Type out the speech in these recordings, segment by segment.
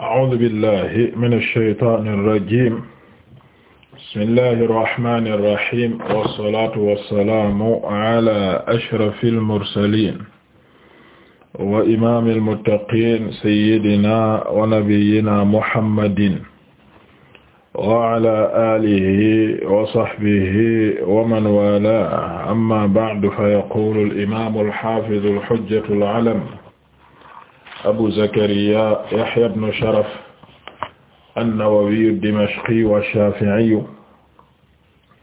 أعوذ بالله من الشيطان الرجيم بسم الله الرحمن الرحيم والصلاة والسلام على أشرف المرسلين وإمام المتقين سيدنا ونبينا محمد وعلى آله وصحبه ومن والاه أما بعد فيقول الإمام الحافظ الحجة العلم abu zakariya yahya ibn sharaf an-nawawiyu dimashqiyu wash-shaafi'iyu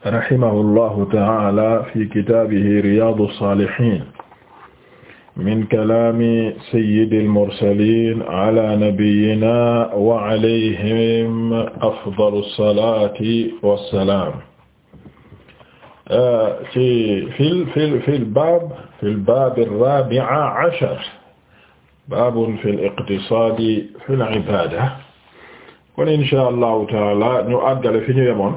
rahimahullahu ta'ala fi kitaabihi riyaadu saalihiin min kalaami sayyidil mursaliin ala nabiyyina wa alayhim afdalu salaati wa salaam. ci fil fil fil baab fil baab ar-raabi'a ashar baabun fil iqtisaadi fil ibaada kon insha fi ñu yemoon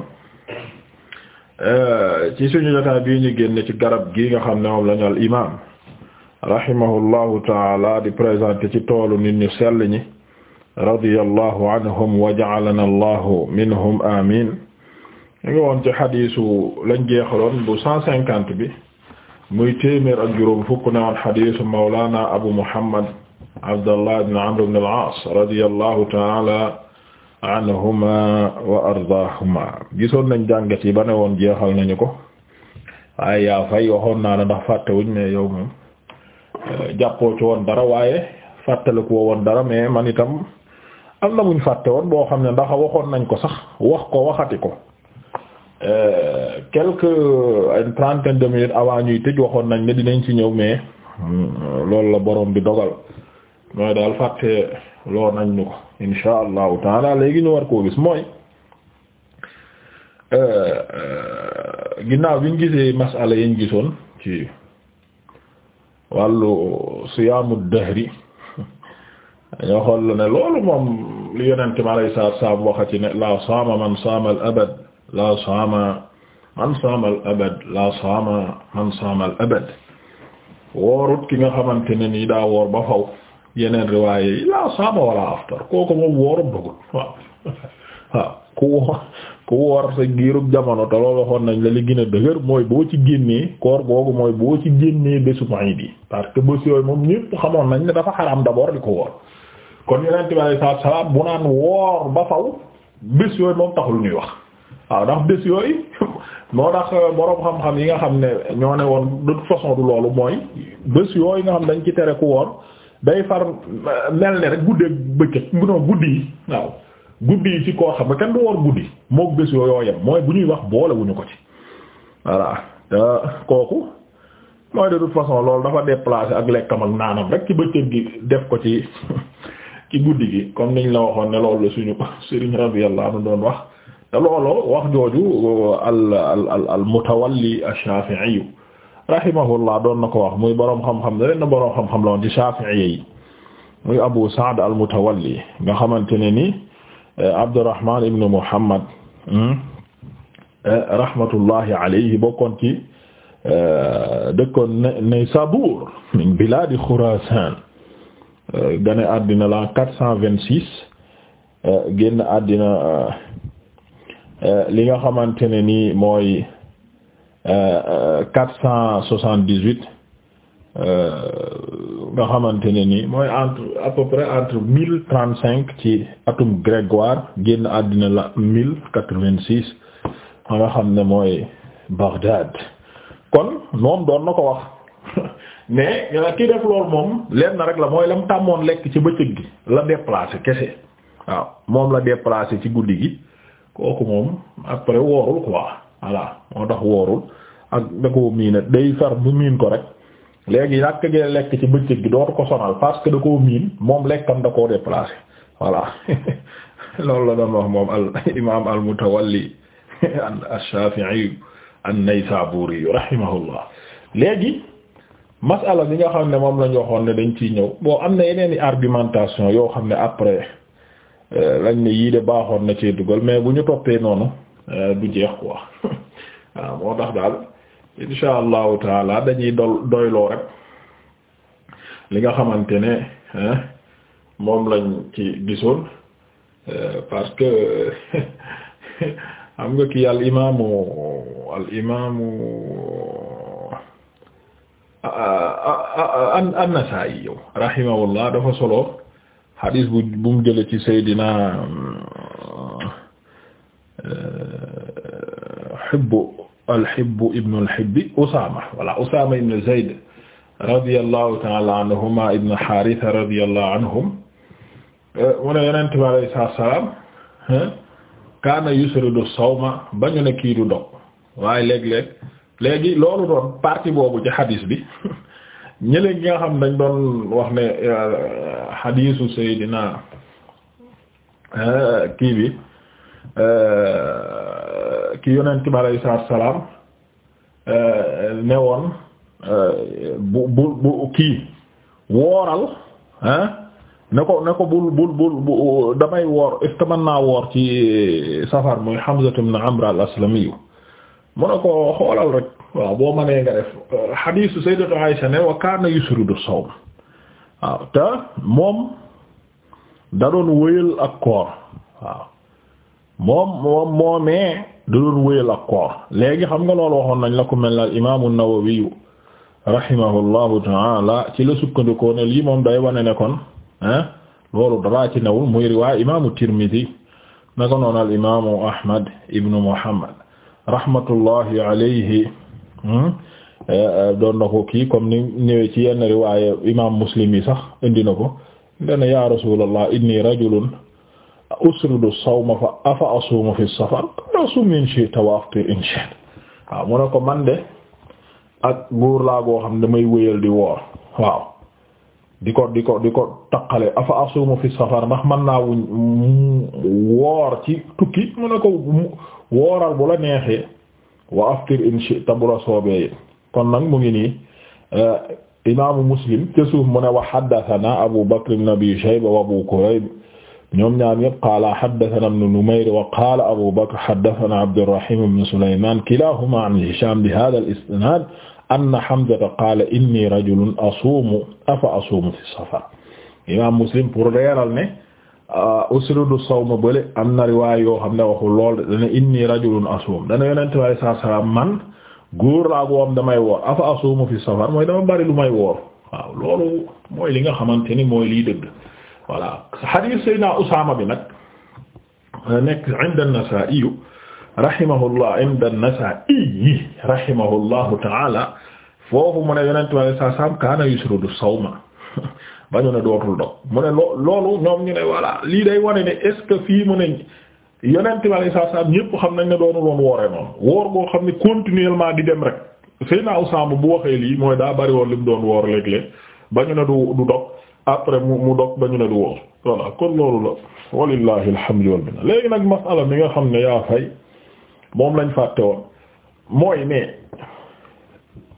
eh, ci suñu jotaay bii ñu génn ci garab gi nga xam ne moom lañu al imaam rahimahullahu taala di présenté ci toolu nit ñu sell ñi radiyallahu anhum wa ja'alana allahu minhum amin ñu ngi woon ci xadiisu lañ jeexaloon bu cent cinquante bi muy téeméer ak juróom fukk na woon xadiisu mawlana abu muhammad Abdallah ibn Amr ibn al-As radiyallahu ta'ala anhuma wa ardaahuma gisoon nañ jàngat yi ba ne woon jeexal nañu ko waaye yaa fay waxoon naa la ndax fàttewuñ mais yow moom eh, jàppoo ci woon dara waaye fàttaliku woon dara mais man itam am na muñ fàtte woon boo xam ne ndax waxoon nañ ko sax wax ko waxati ko eh, quelque une trentaine de minutes avant ñuy tëj waxoon nañ ne dinañ ci ñëw mais hmm, loolu la borom bi dogal mooy daal fàtte loo nañ ñu ko insha allahu taala léegi ñu war koo gis mooy euh, euh, ginnaaw bi ñu gisee masala yi gisoon ci wàllu siyaamu dahri dañoo xool ne loolu moom li yonente mi alayhi salaatu salaam waxati ne la saama man saama al abad saama man saama al abad saama man saama al woorut ki nga xamante ne nii daa woor ba faw yeneen riwaaye waaye laa saama wala aftar kooku moom woorub dogul waaw waaw ku woor ku woor sa giirub jamono te loolu waxoon nañ la li gën a dëgër mooy boo ci génnee koor googu mooy boo ci génnee bésu maïd yi parce que bés yooyu moom ñépp xamoon nañ ne dafa xaraam d'abord di ko woor kon yeneen bi alei salatua bu naan woor ba faw bés yooyu moom taxul ñuy wax waaw ndax bés yooyu moo tax euh, boroom xam-xam yi nga xam ne ñoo ne woon de façon du loolu mooy yooyu nga dañ tere ku woor day far mel ne rek guddeeg bëccëg non guddi yi waaw guddi yi ci koo xam ne kenn du woor guddi mook bés yoo mooy bu ñuy wax boolewuñu ko ci voilà te kooku mooy de toute façon loolu dafa déplacé ak lekkam ak naanam rek ci bëccëg gi def ko ci ci guddi gi comme niñ la waxoon ne loolu la suñu sëriñ radiyallahu anhu doon wax te looloo wax jooju al al al al mutawalli ash-shafi'i rahimahullah doon na ko wax muy boroom xam da leen na boroom xam-xam la woon ci Shafi'i yi Abu Sa'd al-Mutawalli nga xamante ne ni eh, Abdurrahman ibn Muhammad hmm, eh, rahmatullahi alayhi bokkoon ci eh, dëkkoon Naysabur min biladi Khurasan gane àddina la 426 génn àddina li nga xamante ne ni mooy quatre cent soixante dix huit euh, nga xamante ne ni mooy entre à près entre mille trente cinq ci atum grégoire génn àddina la mille quatre vingt six nga xam ne mooy Bagdad kon moom doon na ko wax mais euh, ki def loolu moom leen na rek la mooy lam tàmmoon lekk ci bëccëg gi la déplacé kese waaw moom la déplacé ci guddi gi kooku moom après woorul quoi voilà moo tax woorul ak da koo miina day far bu miin ko rek léegi nàkk gee lekk ci bëccëg bi dootu ko sonal parce que da koo miin moom lekkam da koo déplacé voilà loolu la doon wax moom al imaam al mutawalli ash-Shafi'i an-Naysaburi rahimahullah léegi masala bi nga xam ne moom lañu waxoon ne dañ ciy ñëw bon am na yeneen i argumentation yoo xam ne après euh, lañ ne yii de baaxoon na cee dugal mais bu ñu toppee noonu Euh, du jeex quoi waaw moo tax daal insha allahu taala dañuy doyloo rek li nga xamante ne moom lañ ci gisoon euh, parce que xam nga kii al imaamu al imaamu an-Nasaa'i yow rahimahullah dafa solo xadiis bu bu mu jële ci Seydina euh, alhibbu alhibbu ibnu alhibbi Usaama voilà Usaama ibnu Zayd radiyallahu ta'ala anhuma ibnu Haarisa radiyallahu anhum euh, mu ne Yonent bi alayhi salaam kaana yusridu sawma ba ñu ne kii du dog waaye léeg-léeg léegi loolu doon partie boobu ci xadiis bi ñële gi nga xam dañ doon wax ne euh, xadiisu Seydina euh, kii bi. ki yonent bi alayhi salaatu salaam euh, ne woon euh, bu bu bu kii wooral ah ne ko ne ko bul bul bul damay woor est-ce que naa woor ci safar muy Hamza ibn Amr al-Aslami mu ne ko xoolal rek waaw boo mënee nga def euh, hadiisu Sayyidatu Aisha ne wa kaana yusridu sawm te moom da doon wëyal ak koor waaw moom moom moomee da doon wéyal ak koor léegi xam nga loolu waxoon nañ la ko mel na al imaamu Nawawi rahimahullahu taala ci la sukkandikoo ne lii moom day wane ne kon ah ci newul muy riwaay imaamu Tirmidi naka noonu al imaamu Ahmad ibnu Muhammad rahmatullahi alayhi hmm, doon na ko kii comme ni ñëwee ci yenn riwaay imaam Muslim yi sax indi na ko dana ya rasulallah inni rajulun usridu sawma fa afa asuumu fi safar qala sum in shi'ta wa aftir in shi'ta waaw mu ne ko man de ak góor laa goo xam ne damay wéyal di woor waaw di ko di ko di ko taqale afa asuumu fi safar ndax man naa wuñ woor ci tukki mu ne ko wooral bu la neexee wa aftir in shi'ta bu la soobee kon nag mu ngi nii eh, imaamu muslim te suuf mu ne wa haddathana abu bakr ibn abi shayba wa abu kurayb ñoom ñaar ñëpp qaala haddathana ibn Numayr wa qaala Abu Bakr haddathana Abdurrahim ibn Sulayman kilahuma an Hisham bi hadha al-isnad anna Hamzata qaala inni rajulun asuumu afa asuumu fi safar imaam Muslim pour leeral ne uh, usridu sawma bële am na riwaay yoo xam ne waxul lool dana inni rajulun asuum dana yonente bi saa salaam man góor laa ko am damay woor afa asuumu fi safar mooy dama bari lu may woor waaw loolu mooy li nga xamante ni mooy liy dëgg voilà hadith Seydina Usaama bi nag euh, nekk inda an-Nasaa'i rahimahullah inda an-Nasaa'i rahimahullahu ta'ala foofu mu ne yonent bi alayhi salaam kaana yusridu sawma bañu ne dootul dog mu ne loo loolu ñoom ñu ne lii day wane ne est-ce que fii mu ne yonent bi alayhi ñépp xam nañ ne doonul woon woore noonu woor boo xam ne continuellement di dem rek Seydina Usaama bu waxee lii mooy daa bari woon li mu doon woor léeg-léeg bañu ne du du dog après mu mu dog ba ñu ne du woor voilà kon loolu la walillahi alhamdu wal minna léegi nag masala mi nga xam ne yaa fay moom lañ fàtte woon mooy ne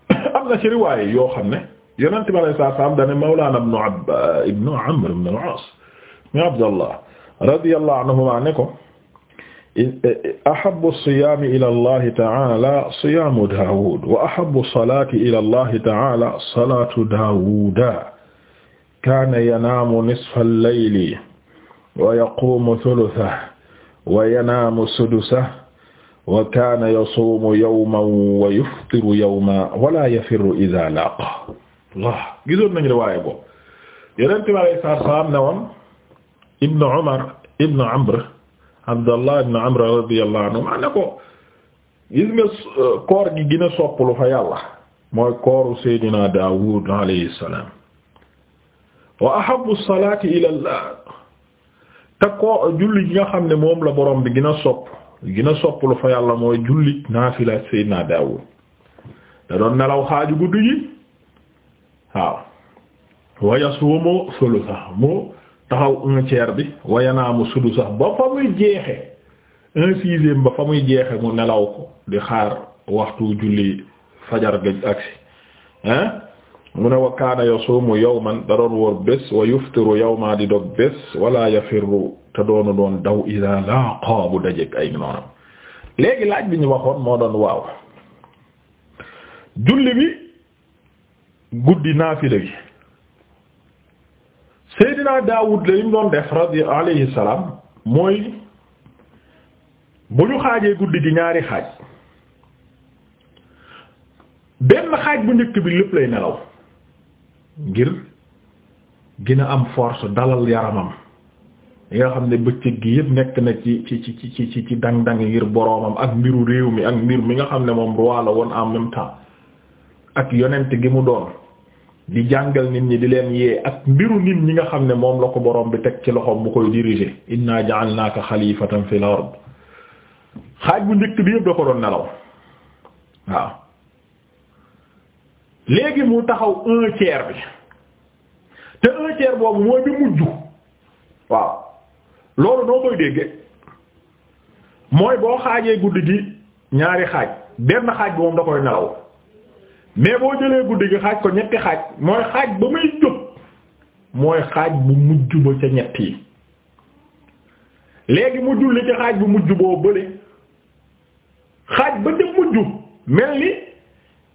am na ci riwaaye yoo xam ne yonent bi alayhi salaatu salaam dane mawlaana ibnu ab ibnu amr ibnu al-aas mi abdallah radiyallahu anhuma ne ko ahabbu as-siyaami ila allahi ta'ala siyaamu daawuud wa ahabbu as-salaati ila allahi ta'ala salaatu daawuuda kaana yanaamu nisfal layli wa yaquumu thuluthahu wa yanaamu sudusahu wa kaana yasuumu yawman wa yuftiru yawman wa laa yafirru idhaa laaqahu Allah gisoon nañu riwaaya boobu Yonent bi alayhi salaatu wa salaam ne woon Ibn Umar Ibn Amr Abdallah Ibn Amr radiyallahu anhu maa ne ko gis nga uh, koor gi gën a sopp lu fa yàlla mooy kooru Seydina Daawuud alayhi salaam wa ahabbu salaati ila Allah te ko julli gi xam ne moom la boroom bi gën a sopp gën a sopp lu fa yàlla mooy julli naafila Seydina Daawud da doon nelaw xaaju guddi gi waaw wa yasuumu sulusa mu taxaw un tiers bi wa yanaamu sulusa ba fa muy jeexe un ba fa muy jeexe mu nelaw ko di xaar waxtu julli fajar gëj agsi hein mu ne wa kaana yasuumu yawman da doon wóor bés wa yuftiru yawma di dog bés wala yafirru te doonu doon daw ila laaqa bu ay noonam léegi laaj bi ñu waxoon moo doon waaw julli bi guddi naafila bi Seydina Daawud la yim doon def radi alayhi salaam mooy bu ñu xaajee guddi gi ñaari xaaj benn xaaj bu njëkk bi lépp lay nelaw ngir gën a am force dalal yaramam li nga xam ne bëccëg gi yëpp nekk na ci ci ci ci ci ci dang-dang ngir boroomam ak mbiru réew mi ak mbir mi nga xam ne moom roi la woon am même ak yonent gi mu doon di jàngal nit ñi di leen yee ak mbiru nit ñi nga xam ne moom la ko boroom bi teg ci loxoom bu koy diriger inna ja'alnaka xalifatan fil ard xaaj bu njëkk bi yëpp da ko doon nelaw waaw léegi mu taxaw un tiers bi te un boobu mooy bi mujj waaw loolu noo koy déggee mooy boo xaajee guddi gi ñaari xaaj benn xaaj bi da koy nelaw mais boo jëlee guddi gi xaaj ko ñetti xaaj mooy xaaj ba muy jóg mooy xaaj bu mujj ba ca ñett yi léegi mu julli ci xaaj bu mujj boo bële xaaj ba ca mujj mel ni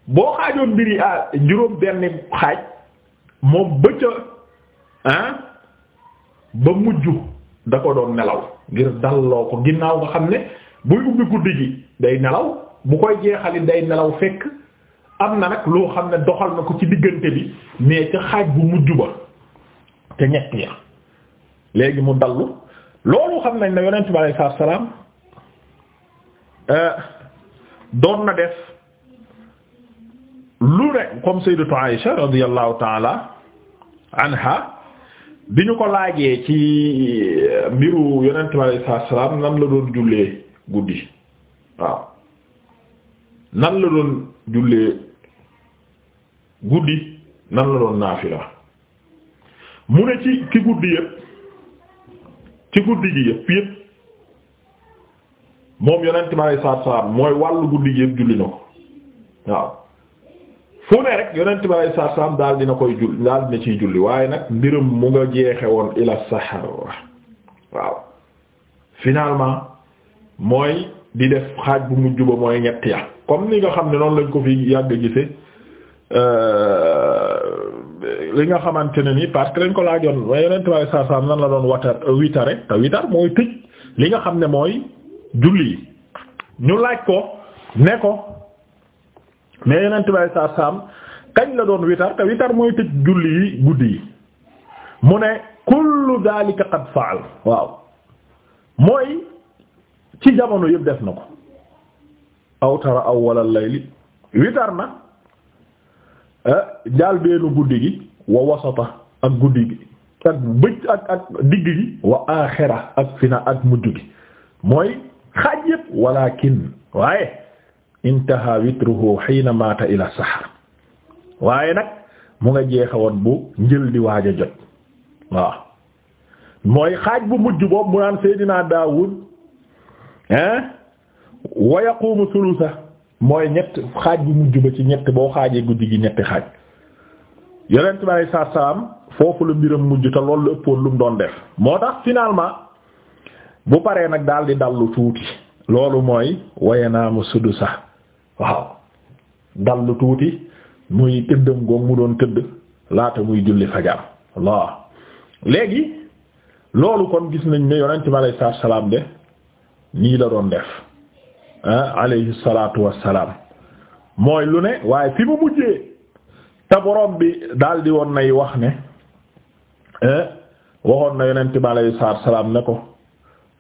boo xaajoon mbir yi ah juróom benn xaaj moom bëcca ah, ba mujj da ko doon nelaw ngir dalloo ko ginnaaw nga xam ne buy ubbi guddi gi day nelaw bu koy jeexali day nelaw fekk am na nag loo xam ne doxal na ko ci diggante bi mais ca xaaj bu mujj ba te ñett ya léegi mu dallu loolu xam nañ ne yonent bi alayhi salaam eh, doon na def lu ne comme sayyidatu Aïsha radiyallahu ta'ala anha bi ñu ko laajee ci euh, mbiru yonent bi alayhi salaam nan la doon jullee guddi waaw nan la doon jullee guddi nan la doon naafila mu ne ci ki guddi yëpp ci guddi gi yëpp yëpp moom yonent bi alayhi salaam mooy wàll guddi gi yëpp julli na ko waaw fu ne rek yonent bi alayhi daal dina koy julli daal dina ciy julli waaye nag mbirum mu nga jeexe woon ila sahar waaw finalement mooy di def xaaj bu mujj ba mooy ñett ya comme ni nga xam ne noonu lañ ko fi yàgg gise euh, li nga xamante ne ni parce que ko laajoon waaye yonent bi alayhi salaatu salaam la doon watar witare te witar mooy tëj li nga xam ne mooy julli yi ñu laaj ko ne ko mais yeneen tubaab saa saam kañ la doon witar te witar mooy tëj julli yi guddi yi mu ne kullu daalika qad faal waaw mooy ci jamono yëpp def na ko aw tara layli witar na eh, jaal beenu guddi gi wa wasata ak guddi gi ak bëj ak ak digg gi wa aaxira ak fina ak mujj gi mooy xaaj yëpp walakin waaye intaha witruhu hiina mata ila sahar waaye nag mu nga jeexawoon bu njël di waaja jot waaw mooy xaaj bu mujj boobu mu naan Seydina Daawud hein wa yaqumu thulutha mooy ñett xaaj bu mujj ci ñett boo xaajee guddi gi ñetti xaaj yonent bi alayhi salaatu salaam foofu la mbiram mujj te loolu ëppoon lu doon def moo tax finalement bu paree nag daal di dallu tuuti loolu mooy wayanaamu sudusa waaw dal lu tuuti muy tëddam goog mu doon këdd laata muy julli fajar waaw léegi loolu kon gis nañ ne yonent bi alayhi salaatu salaam de nii la doon def ah alayhi salaatu wassalaam mooy lu ne waaye fi mu mujjee te borom bi daldi woon nay wax ne eh, waxoon na yonent bi alayhi salaam ne ko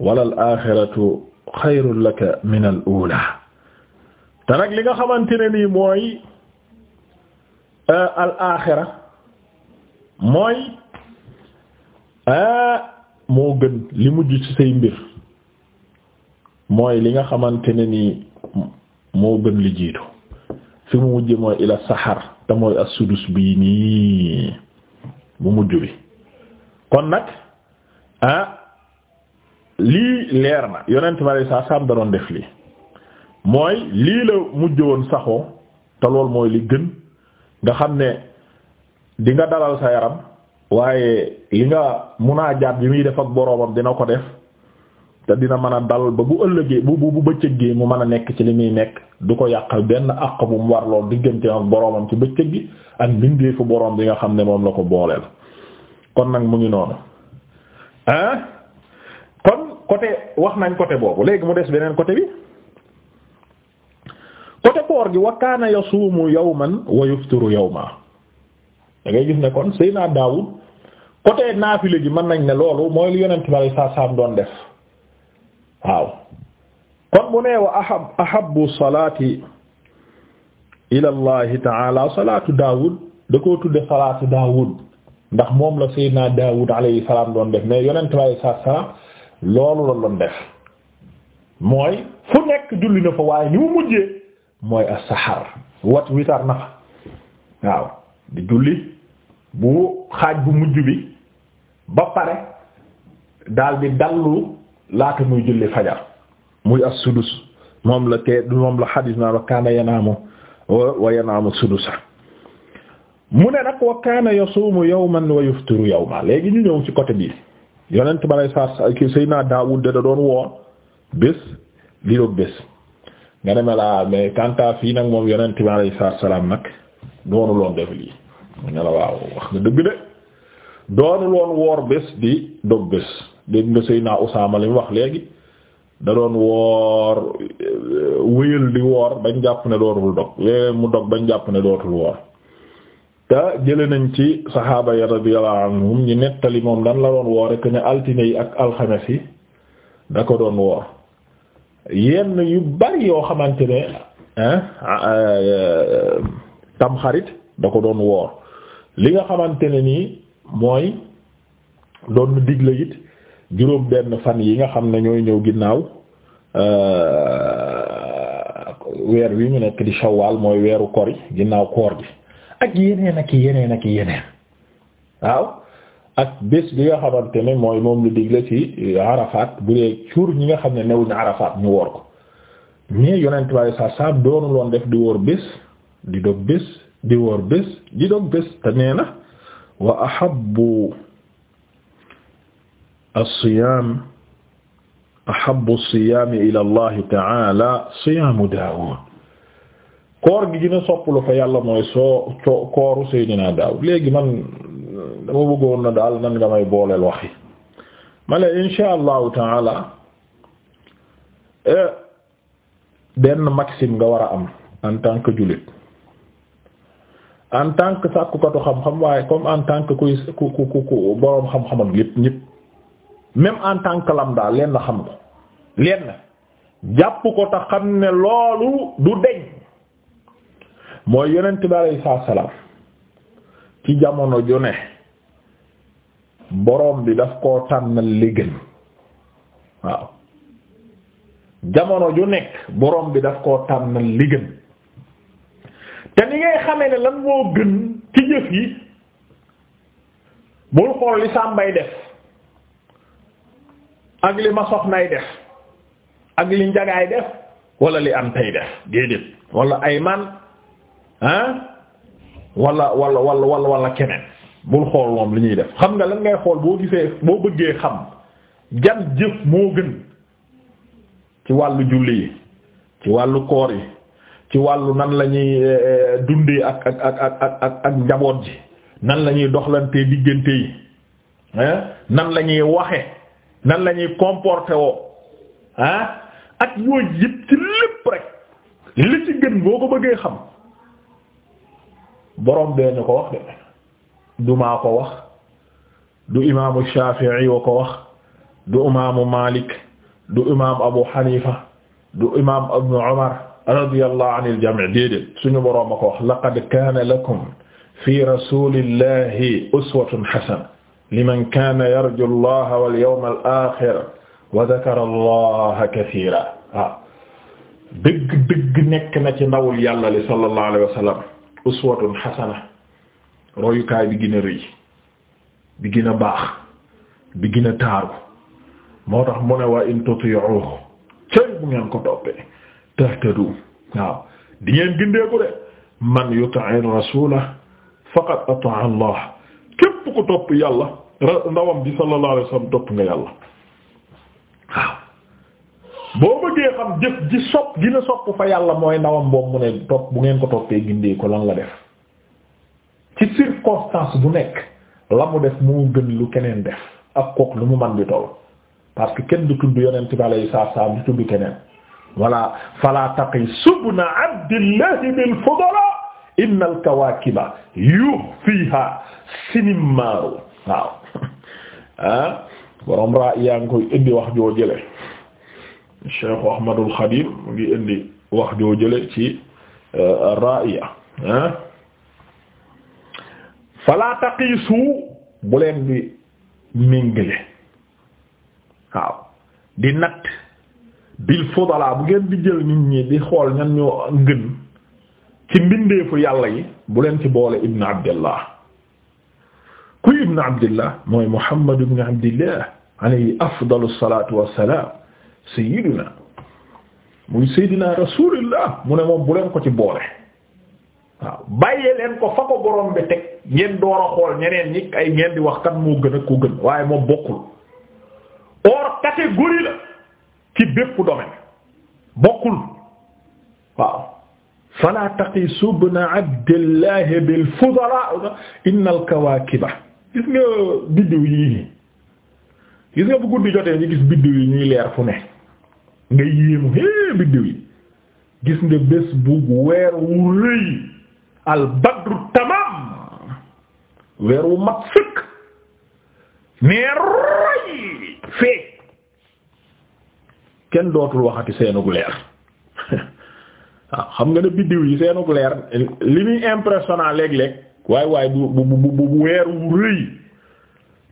walla aaxiratu xayrun laka minal uulaa te nag li nga xamante ne nii mooy euh, al aaxira mooy euh, moo gën li mujj ci say mbir mooy li nga xamante ne nii moo gën li jiitu fi mu mujj mooy ila saxar te mooy ak sudus bii nii bu mujj bi kon nag ah lii leer na yonent ma lay saa saam da def lii mooy lii la mujj woon saxoo te lool mooy li gën nga xam ne di nga dalal sa yaram waaye li nga munaajaat bi muy def ak boroomam dina ko def te dina mën a dal ba bu ëllëgee bu bu bëccëg gi mu mën a nekk ci li muy nekk du ko yàqal benn àq bu mu war lool diggante ak boroomam ci bëccëg gi ak mbindee fu boroom bi nga xam ne moom la ko booleel kon nag mu ngi noonu ah kon côté wax nañ côté boobu léegi mu des beneen côté bi. côté koor gi wa kaana yasuumu yawman wa yuftiru yawma da ngay gis ne kon Seydina Daawud côté naafile gi mën nañ ne loolu mooy lu yonent bari saa saam doon def waaw kon bu nee wa ahab ahabbu salaati ila allahi taala salaatu Daawud da koo tudde salaatu Daawud ndax moom la Seydina Daawud alayhi salaam doon def mais yonent bari saa saam loolu la doon def mooy fu nekk julli na fa waaye ni mu mujjee mooy as-sahar wat witar na fa waaw di julli bu xaaj bu mujj bi ba pare daal di dallu laata muy julli fajar muy as-sudus moom la kee moom la xadis naa la kaana yanaamu wa yanaamu sudusa mu ne nag wa kaana yasuumu yawman wa yow yawman léegi ñu ñëw ci côté bii yonent ba lay saar ki Seydina Daawud da doon woor bés li doog bés nga ma la mais kanta fii nag moom yonent bi alayhi salaam nag doonu loon def lii nga la waaw wax nga dëgg de doonu loon woor bés di dog bés dégg nga Seydina Usaama li wax léegi da doon woor euh, wéyal di woor bañ jàpp ne dootul dog wéyal mu dog bañ jàpp ne dootul woor te jële nañ ci saxaaba ya radiyallahu anhum ñi nettali moom lan la doon woor rek ne altine yi ak alxames yi da ko doon woor yenn yu bari yoo xamante ne ah, euh, tamxarit da ko doon woor li nga xamante ne nii mooy doon digle it juróom benn fan yi nga xam ne ñooy ñëw ginnaaw euh, weer wi ñu nekk di shawaal mooy weeru kori ginnaaw koor gi ak yeneen ak yeneen ak yeneen waaw ak bés bi nga xamante ne mooy moom lu digle ci Arafat bu dee cuur ñi nga xam ne newuñu Arafat ñu woor ko mais yonent waaye sa sa doonul def di woor bés di dog bés di woor bés di dog bés te nee na wa ahabbu as-siyaam ahabbu as-siyaam ila Allah ta'ala siyaamu Daawud koor gi gën a sopp lu fa yàlla mooy soo kooru Seydina Daawud léegi man dama bëggoon na daal nan nga may booleel waxi ma ne insha allahu taala eh, benn maxime nga war a am en tant que en tant que sàkkukatu xam-xam waaye comme en tant que kuy ku ku ku boroom xam-xam ak lépp ñëpp même en tant que lambda lenn xam ko lenn jàpp ko te xam ne loolu du deñ mooy yonent bi alayhi salaam ci jamono ju ne boroom bi daf koo tànnal li gën waaw jamono ju nekk boroom bi daf koo tànnal li gën te li ngay xamee ne lan moo gën ci jëf yi bul xool li sàmbay def ak li ma soxnaay def ak li njagaay def wala li am tay def déedéet wala ay man ah wala wala wala walla wala keneen bul xool moom li ñuy def xam nga lan ngay xool boo gisee boo bëggee xam jan jëf moo gën ci wàllu julli yi ci wàllu koor yi ci wàllu nan la ñuy eh, eh, dundee ak ak ak ak ak ak ji nan la ñuy doxlantee diggante yi nan la ñuy waxe nan la ñuy comporté woo ah ak yooyu yëpp ci lépp rek li ci gën boo ko bëggee xam boroom bee ñu ko wax de du maa ko wax du imaamu Shaafi'i wa ko wax du imaamu Maalik du imaamu Abu Hanifa du imaamu Ibnu Umar radiyallahu anil jamii déedéet suñu boroom a ko wax laqad kaana lakum fi rasulillahi uswatun hasana liman kaana yarju allaha wal yawmal aaxir wa dhakara allaha kathiira waaw ah, dëgg dëgg nekk na ci ndawul yàlla li sallallahu alayhi wa sallam uswatun hasana royukaay bi gën a rëy bi gën a baax bi gën a taaru moo tax mu ne waa in tuti'uhu cëy bu ngeen ko toppee tahtadu waaw di ngeen gindeeku de man yuti'ir rasuula faqad ata'a Allah képp ku topp yàlla ndawam bi sallallahu alayhi wasallam topp nga yàlla waaw boo yàlla mooy ndawam boobu mu ne topp bu ngeen ko toppee gindee ko lan la def circonstance bu nekk la mu def moo gën lu keneen def ak kook lu mu man bi toll parce que kenn du tudd yonent bi alayhi salaatu salaam du tudd keneen wala fala taqi subna abdillahi bil fudala inna al kawakiba yufiha sinimaaru waaw ah borom ra yaa ngi koy indi wax joo jële Cheikh Ahmadul Khadim mu ngi indi wax joo jële ci euh, raaya ah fala taqiisu bu leen bi mingile waaw di natt bil fudala bu ngeen di jël nit ñi di xool ñan ñoo gën ci mbindeefu yàlla yi bu leen ci boole ibn abdillah kuy ibn abdillah mooy muhammad ibn abdillah alayhi afdalu salatu wassalam sayyiduna muy sayyidina rasulillah mu ne moom bu leen ko ci boole waaw bàyyee leen ko fa ko borom bi teg ngeen door a xool ñeneen ñi ay ngeen di wax kan moo gën a ko gën waaye moom bokkul hors catégorie la ci bépp domaine bokkul waaw fala taqisu bna abdillahi bil inna al gis nga biddiw yii gis nga bu guddi jotee ñu gis biddiw yi ñuy leer fu ne nga yéemu é biddiw yi gis nga bés bu weer wu rëy al badru tamam weer wu mag fekk mais roy fee kenn dootul waxati seenug leer waaw xam nga ne biddiw yi seenug leer li muy impressionnant léeg-léeg waaye waaye bu bu bu bu weer wu rëy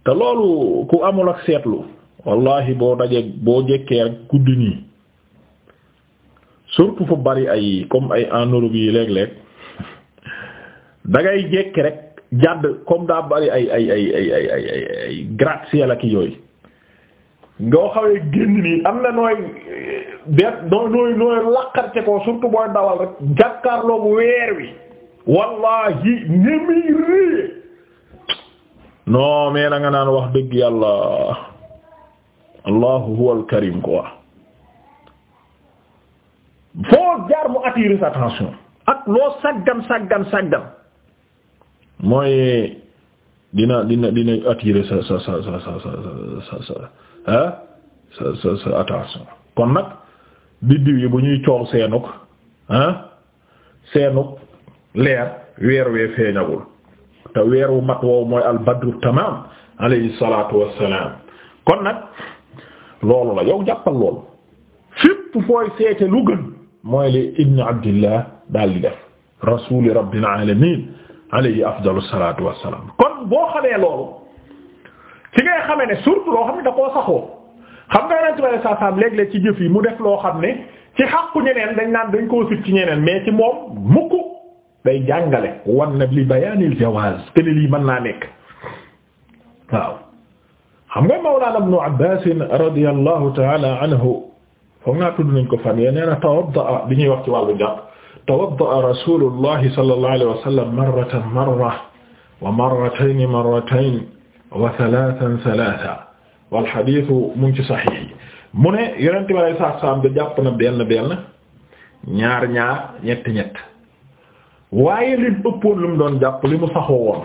te loolu ku amul ak seetlu wallahi boo dajee boo jekkee rek guddi nii surtout fu bari ay comme ay en Europe yi léeg-léeg dangay jekki rek jàdd comme daa bari ay ay ay ak yooyu ngoo xawee génn nii am na nooy bet noo nooy surtout booy dawal rek jàkkaarloo bu weer wi wallahi nemiy rée non mais nga naan wax dëgg yàlla allahu huwal karim quoi foo jaar mu attirer sa attention ak saggan saggan saggan mooy dina dina dina attirer sa sa sa sa sa sa sa ah sa sa sa attention kon nag biddiw yi bu ñuy coow seenuk ah seenuk leer weer wee feeñagul te weer wu mat woow mooy al badru tamam alayhi salaatu wassalaam kon nag loolu la yow jàppal loolu fépp fooy seete lu gën mooy li ibnu abdillah daal di def rasuli rabbil alamin alayhi afdalu salaatu wassalaam kon boo xamee loolu ci ngay xamee ne surtout loo xam ne da koo saxoo xam nga yonent bi sallallahu alayhi wasallam léeg ci jëf yi mu def loo xam ne ci xàqu ñeneen dañ naan dañ koo sib ci ñeneen mais ci moom mukk day jàngale wan na li bayaanil jawaaz te lii mën naa nekk waaw xam nga Mawlaana Ibnu Abbaas radiyallahu ta'ala anhu foog naa tudd nañ ko fan yee nee na bi ñuy wax ci wàllu jàpp tawadda'a rasuulullahi sallallahu alayhi wa sallam marratan marratan wa marratayni marratayni wa thalathan thalathan wal hadiisu mu ngi ci saxiix yi mu ne Yonent bi alayhi salaatu wa salaam da jàpp na benn benn ñaar ñaar ñett ñett waaye li mu ëppoon li mu doon jàpp li mu saxoo woon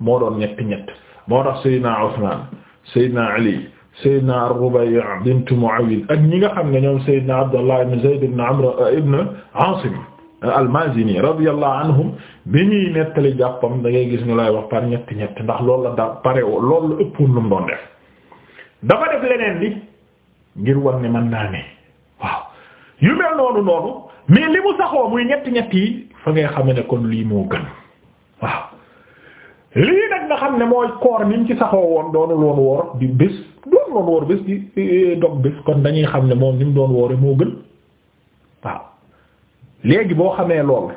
moo doon ñett ñett moo tax Seydina Usmaan Seydina Ali Seydina Rubayya bint Mu'awwiz ak ñi nga xam ne ñoom Seydina Abdallah ibn Zayd ibn Amr ibn Aasim al nii radiyallahu anhum bi ñuy nettali jàppam da ngay gis ñu lay wax par ñetti ñetti ndax loolu la daa pare loolu la ëppoon lu mu doon def dafa def leneen li ngir war ne man naa ne waaw yu mel noonu noonu mais li mu saxoo muy ñetti ñetti yi fa ngay xam ne kon lii moo gën waaw lii nag nga xam ne mooy koor ni mu ci saxoo woon doonul woon woor di bés doonul woon woor bés eh, eh, dog bés kon dañuy xam ne moom ni mu doon woore moo gën waaw léegi boo xamee lool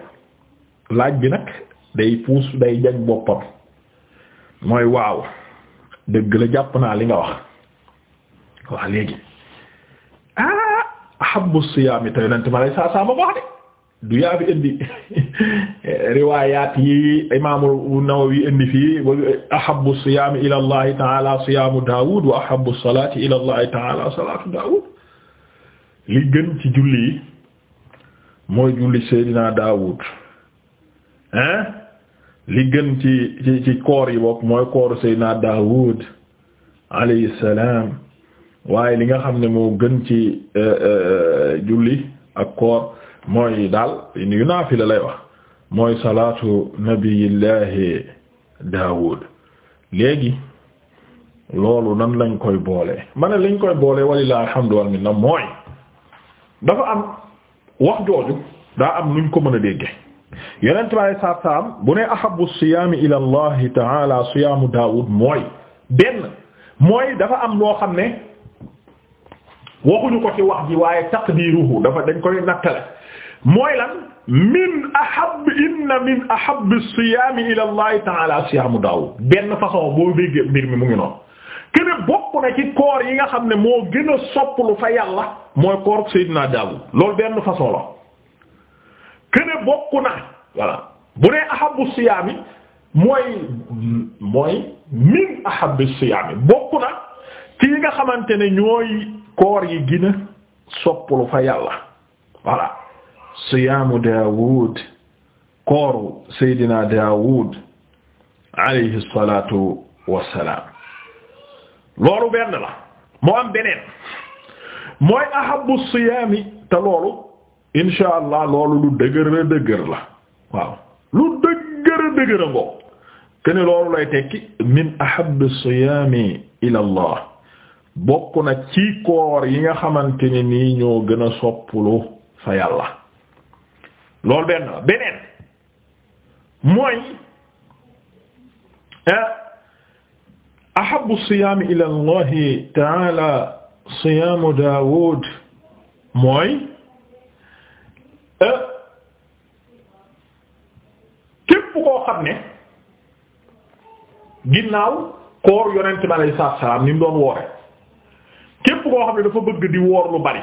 laaj bi nag day puus day jañ boppam mooy waaw dëgg la jàpp naa li nga wax waaw léegi ah habbu siyaami te yonent ma lay saa saa ma wax de du yaa bi indi riwaayaat yi imaamul Nawawi indi fii ahabbu siyaami ila allahi taala siyaamu Daawud wa ahabbu salaati ila allahi taala salaatu Daawud li gën ci julli yi mooy julli Seydina Daawud hein li gën ci ci ci koor yi bokk mooy kooru Seydina Daawud alayhi salaam waaye li nga xam ne moo gën ci eh, eh, julli ak koor mooy daal yu naafila lay wax mooy salaatu nabiyillahi Daawud léegi loolu nan lañ koy boole ma lañ koy boole walilah alhamdu wal mooy dafa am. wax jooju daa am luñ ko mën a dégge yonent bi alayhi salaatu salaam bu ne ahabbu siyaami ila allah taala siyaamu daawud mooy benn mooy dafa am loo xam ne waxuñu ko ci wax ji waaye taqdiruhu dafa dañ koy nattale mooy lan min ahab inna min ahab siyaami allah taala siyaamu daawud benn façon boo déggee mbir mi mu ngi noonu kene bokk na koor yi nga xam ne moo gën a fa yàlla mooy koor Seydina Daawud loolu benn façon la kene bokk bu dee ahabu siyaami mooy mooy min ahabu siyaami bokk na nga xamante ne ñooy koor yi gën a fa yàlla voilà siyaamu Daawud kooru Seydina Daawud alayhi salaatu wassalaam loolu benn la moo am beneen mooy ahabu siyaami te loolu insha allah loolu lu dëgër dëgër la waaw lu dëgër dëgër a loolu lay tekki min ahabu siyaami ila bokk na ci koor yi nga xamante ne nii ñoo gën a soppulu fa yàlla loolu benn la beneen mooy eh, ahabbu siyaami ila allahi taala siyaamu daawud mooy eh, képp koo xam ne ginnaaw koor yonent bi alayhi salaatu salaam ni mu doon woore képp koo xam ne dafa bëgg di woor lu bari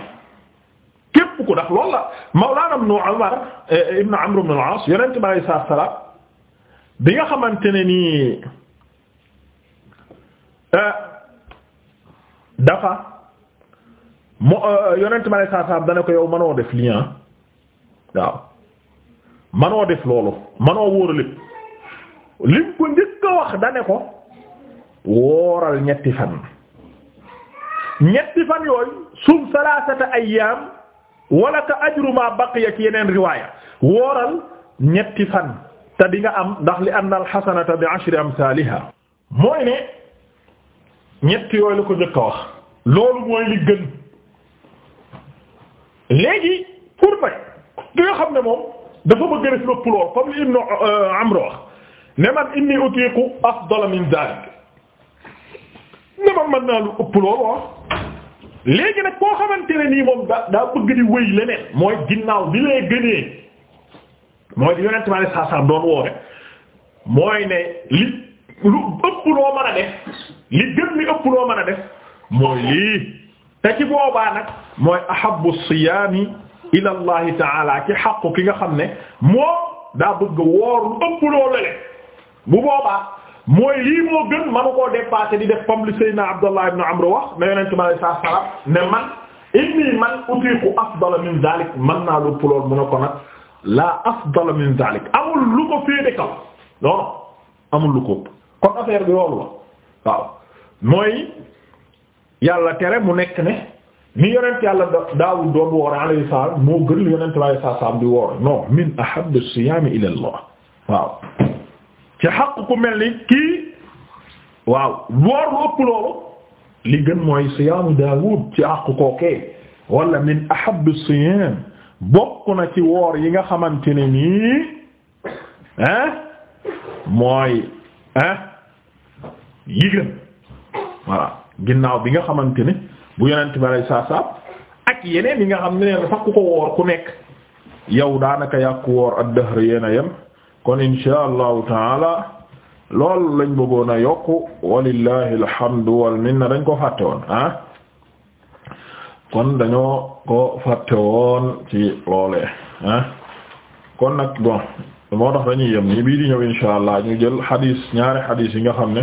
képp ku ndax loolu la Mawlaana ibn Umar eh, ibn Amr ibn al-Aas yonent bi alayhi salaatu salaam bi nga xamante ne nii Euh, dafa mu euh, yonent ma ne saasaam ko yow manoo def lii waaw manoo def loolu manoo wóor lépp lim ko njëkk a wax dane ko wooral ñetti fan ñetti fan yooyu sum salaasata ayyaam wala ka ajru ma baqiya ci yeneen riwaaya wooral ñetti fan te di nga am ndax li anna al bi ashri amsaaliha mooy ñett yooyu la ko njëkk a wax loolu mooy li gën léegi pour nag ki nga xam ne moom dafa bëgg def lépp lool comme li Ibn euh, Amr wax ne man inni utiqu afdala min zalik ne man mën naa lu ëpp loolu wax ah. léegi nag koo xamante ne nii moom daa bëgg di wéy leneen mooy ginnaaw bi lay gënee mooy di yonent ma ne saa saa doon woore mooy ne li lu ëpp loo mën a def li gën li ëpp loo mën def mooy lii te ci boobaa nag mooy ahabbu siyaami ila allahi taala ci xaqu ki nga xam ne moo daa bëgg woor ëpp loo lele bu boobaa mooy lii moo gën manu koo dépassé di def comme li saydna abdullah ibn amr wax na yonente mi alei saatu ne man inni man utiiqu afdala min dalik man naa lu ëpp mu ne ko nag la afdala min dalik amul lu ko féete kaw non amul lu ko ëpp kon affaire bi loolu la waaw mooy yàlla tere mu nekk ne ni yonent yàlla Daawud doon woor alayhi salaam moo gën lu yonent alayhi salaam di woor non min ahabbu siyaam ila Allah waaw ci xaq ku mel ni kii waaw woor lu ëpp loolu li gën mooy siyaamu Daawud ci xaq kookee wala min ahabbu siyaam bokk na ci woor yi nga xamante ne nii ah mooy ah yi gën voilà ginnaaw bi nga xamante ne bu yonent bi alay saa ak yeneen yi nga xam ne neen sax ku ko woor ku nekk yow daanaka yàq woor ak dëxër yéen a yem kon insha allahu taala lool lañ bëggoon a yokk walillahi alhamdu wal minna dañ ko fàtte woon ah kon dañoo ko fàtte woon ci loolee ah kon nag bon moo tax dañuy yem nii bii di ñëw insha allah ñu jël xadiis ñaari xadiis yi nga xam ne